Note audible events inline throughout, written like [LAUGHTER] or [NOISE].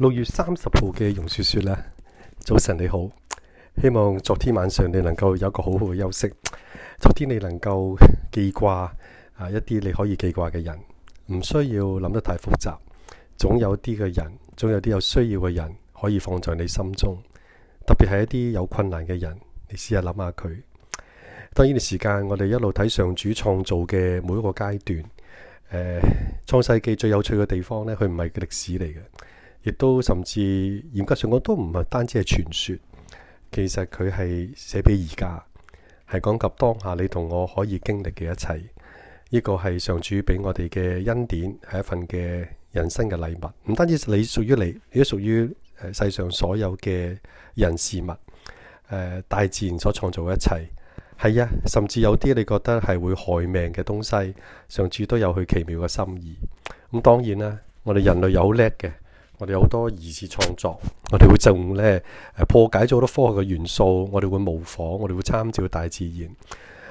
六月三十號嘅容雪雪咧，早晨你好。希望昨天晚上你能夠有一個好好嘅休息。昨天你能夠記掛啊，一啲你可以記掛嘅人，唔需要諗得太複雜。總有啲嘅人，總有啲有需要嘅人，可以放在你心中。特別係一啲有困難嘅人，你試下諗下佢。當然，時間我哋一路睇上主創造嘅每一個階段。誒、呃，創世記最有趣嘅地方呢，佢唔係個歷史嚟嘅。亦都甚至嚴格上講，都唔係單止係傳說。其實佢係寫俾而家，係講及當下你同我可以經歷嘅一切。呢個係上主俾我哋嘅恩典，係一份嘅人生嘅禮物。唔單止你屬於你，亦都屬於世上所有嘅人事物、呃。大自然所創造嘅一切係啊，甚至有啲你覺得係會害命嘅東西，上主都有佢奇妙嘅心意。咁、嗯、當然啦，我哋人類有叻嘅。我哋好多二次創作，我哋會盡咧、呃、破解咗好多科學嘅元素，我哋會模仿，我哋會參照大自然。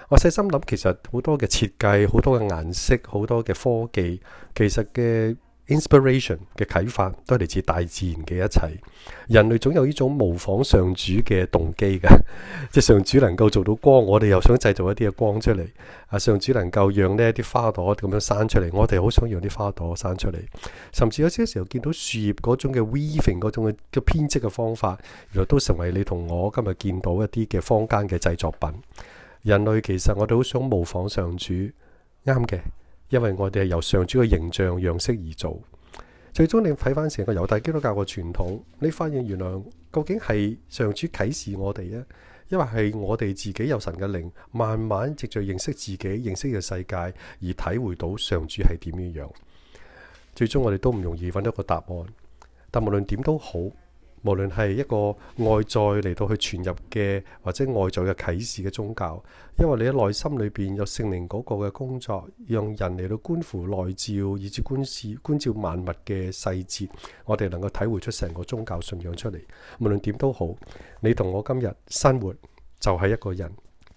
我細心諗，其實好多嘅設計，好多嘅顏色，好多嘅科技，其實嘅。Inspiration 嘅啟發都係嚟自大自然嘅一切，人類總有呢種模仿上主嘅動機嘅，即 [LAUGHS] 係上主能夠做到光，我哋又想製造一啲嘅光出嚟。啊，上主能夠讓呢啲花朵咁樣生出嚟，我哋好想讓啲花朵生出嚟。甚至有些時候見到樹葉嗰種嘅 weaving 嗰種嘅編織嘅方法，原來都成為你同我今日見到一啲嘅坊間嘅製作品。人類其實我哋好想模仿上主，啱嘅。因為我哋係由上主嘅形象樣式而做，最終你睇翻成個猶太基督教嘅傳統，你發現原來究竟係上主啟示我哋啊？因為係我哋自己有神嘅靈，慢慢藉著認識自己、認識嘅世界而體會到上主係點樣樣。最終我哋都唔容易搵到個答案，但無論點都好。無論係一個外在嚟到去傳入嘅，或者外在嘅啟示嘅宗教，因為你喺內心裏邊有聖靈嗰個嘅工作，讓人嚟到觀乎內照，以至觀視觀照萬物嘅細節，我哋能夠體會出成個宗教信仰出嚟。無論點都好，你同我今日生活就係一個人，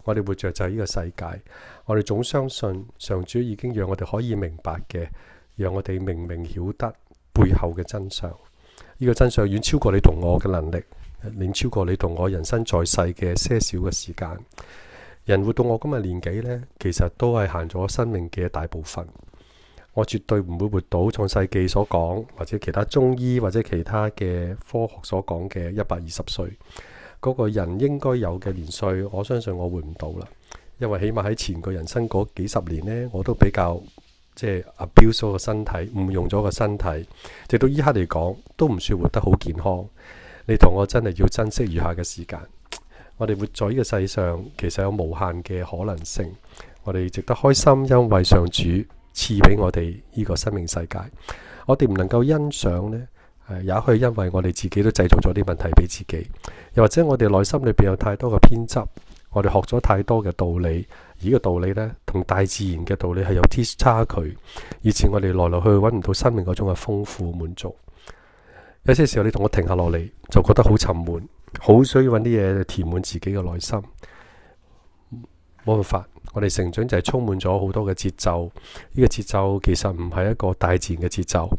我哋活着就係呢個世界，我哋總相信上主已經讓我哋可以明白嘅，讓我哋明明曉得背後嘅真相。呢個真相遠超過你同我嘅能力，遠超過你同我人生在世嘅些少嘅時間。人活到我今日年紀呢，其實都係行咗生命嘅大部分。我絕對唔會活到創世紀所講，或者其他中醫或者其他嘅科學所講嘅一百二十歲嗰個人應該有嘅年歲。我相信我活唔到啦，因為起碼喺前個人生嗰幾十年呢，我都比較。.即係 abuse 咗個身體，誤用咗個身體，直到依刻嚟講都唔算活得好健康。你同我真係要珍惜餘下嘅時間。我哋活在呢個世上，其實有無限嘅可能性。我哋值得開心，因為上主賜俾我哋呢個生命世界。我哋唔能夠欣賞呢，誒，也許因為我哋自己都製造咗啲問題俾自己，又或者我哋內心裏邊有太多嘅偏執，我哋學咗太多嘅道理。呢個道理呢，同大自然嘅道理係有啲差距。以前我哋來來去揾唔到生命嗰種嘅豐富滿足。有些時候你同我停下落嚟，就覺得好沉悶，好需要揾啲嘢填滿自己嘅內心。冇辦法，我哋成長就係充滿咗好多嘅節奏。呢個節奏其實唔係一個大自然嘅節奏，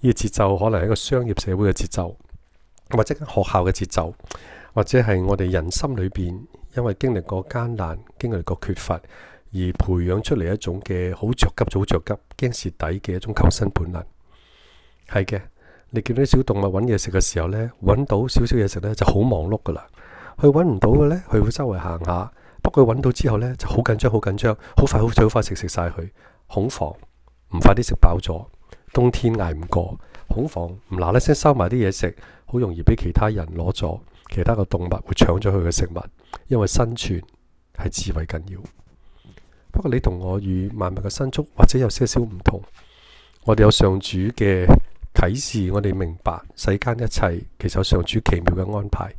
呢個節奏可能係一個商業社會嘅節奏，或者學校嘅節奏，或者係我哋人心裏邊因為經歷過艱難，經歷過缺乏，而培養出嚟一種嘅好着急，好着急，驚蝕底嘅一種求生本能係嘅。你見到小動物揾嘢食嘅時候呢，揾到少少嘢食呢就好忙碌噶啦。佢揾唔到嘅呢，佢會周圍行下。不過揾到之後呢，就好緊張，好緊張，好快好快好快食食晒佢，恐防唔快啲食飽咗，冬天捱唔過，恐防唔嗱嗱聲收埋啲嘢食，好容易俾其他人攞咗，其他個動物會搶咗佢嘅食物。因為生存係至為緊要，不過你同我與萬物嘅生足，或者有些少唔同。我哋有上主嘅啟示，我哋明白世間一切其實有上主奇妙嘅安排。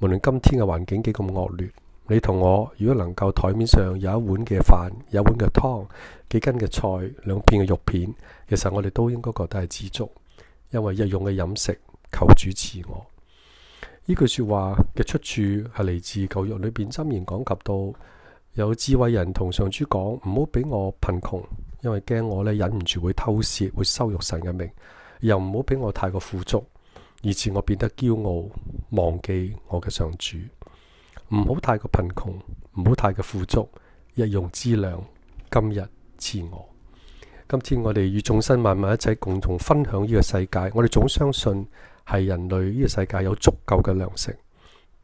無論今天嘅環境幾咁惡劣，你同我如果能夠台面上有一碗嘅飯，一碗嘅湯，幾斤嘅菜，兩片嘅肉片，其實我哋都應該覺得係知足，因為日用嘅飲食求主賜我。呢句說話嘅出處係嚟自舊約裏邊，箴言講及到有智慧人同上主講：唔好俾我貧窮，因為驚我咧忍唔住會偷竊，會羞辱神嘅名；又唔好俾我太過富足，以致我變得驕傲，忘記我嘅上主。唔好太過貧窮，唔好太過富足，日用之糧，今日賜我。今天我哋與眾生慢慢一齊共同分享呢個世界，我哋總相信。係人類呢個世界有足夠嘅糧食，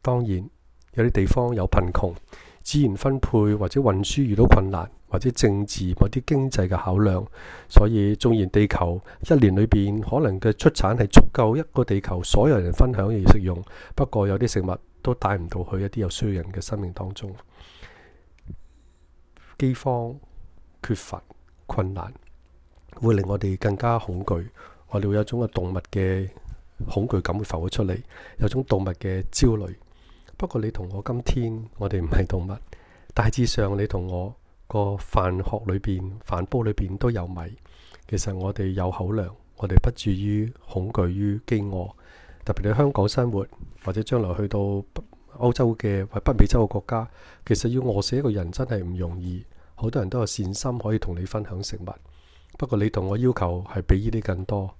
當然有啲地方有貧窮、資源分配或者運輸遇到困難，或者政治或啲經濟嘅考量。所以縱然地球一年裏邊可能嘅出產係足夠一個地球所有人分享而食用，不過有啲食物都帶唔到去一啲有需要人嘅生命當中，饑荒、缺乏、困難會令我哋更加恐懼。我哋會有一種嘅動物嘅。恐懼感會浮咗出嚟，有種動物嘅焦慮。不過你同我今天，我哋唔係動物。大致上你，你同我個飯殼裏邊，飯煲裏邊都有米。其實我哋有口糧，我哋不至於恐懼於飢餓。特別你香港生活，或者將來去到歐洲嘅或者北美洲嘅國家，其實要餓死一個人真係唔容易。好多人都有善心，可以同你分享食物。不過你同我要求係比呢啲更多。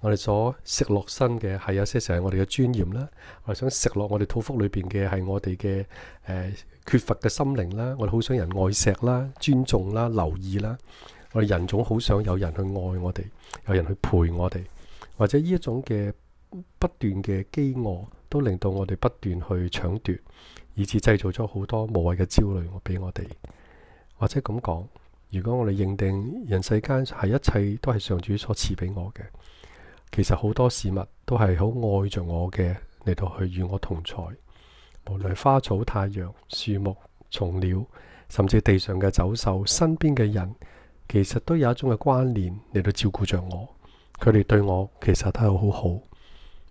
我哋所食落身嘅係有些時係我哋嘅尊嚴啦。我哋想食落我哋肚腹裏邊嘅係我哋嘅誒缺乏嘅心靈啦。我哋好想人愛錫啦、尊重啦、留意啦。我哋人總好想有人去愛我哋，有人去陪我哋，或者呢一種嘅不斷嘅飢餓都令到我哋不斷去搶奪，以至製造咗好多無謂嘅焦慮俾我哋。或者咁講，如果我哋認定人世間係一切都係上主所賜俾我嘅。其實好多事物都係好愛着我嘅，嚟到去與我同在，無論花草、太陽、樹木、蟲鳥，甚至地上嘅走獸，身邊嘅人，其實都有一種嘅關聯嚟到照顧着我。佢哋對我其實都係好好，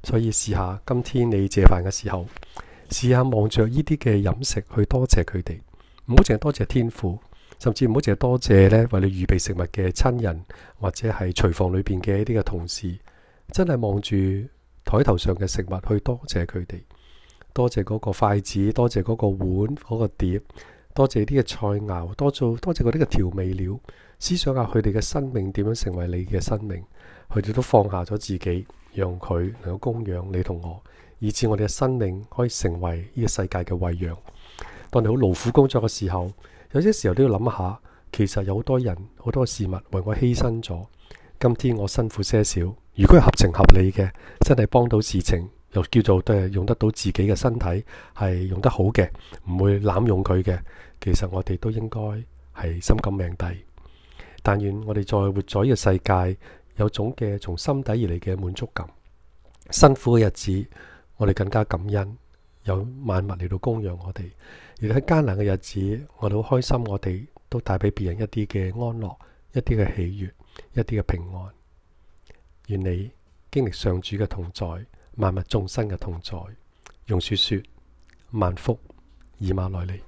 所以試下今天你借飯嘅時候，試下望著呢啲嘅飲食去多謝佢哋，唔好淨係多謝天父，甚至唔好淨係多謝呢為你預備食物嘅親人，或者係廚房裏邊嘅一啲嘅同事。真係望住台頭上嘅食物去多謝佢哋，多謝嗰個筷子，多謝嗰個碗，嗰個碟，多謝啲嘅菜肴，多做多謝嗰啲嘅調味料。思想下佢哋嘅生命點樣成為你嘅生命，佢哋都放下咗自己，讓佢能夠供養你同我，以至我哋嘅生命可以成為呢個世界嘅餵養。當你好勞苦工作嘅時候，有些時候都要諗下，其實有好多人、好多事物為我犧牲咗。今天我辛苦些少，如果合情合理嘅，真係幫到事情，又叫做都係用得到自己嘅身體，係用得好嘅，唔會濫用佢嘅。其實我哋都應該係心甘命抵。但願我哋再活在呢個世界，有種嘅從心底而嚟嘅滿足感。辛苦嘅日子，我哋更加感恩有萬物嚟到供養我哋。而喺艱難嘅日子，我哋好開心，我哋都帶俾別人一啲嘅安樂。一啲嘅喜悅，一啲嘅平安，願你經歷上主嘅同在，萬物眾生嘅同在，用説説萬福以馬內利。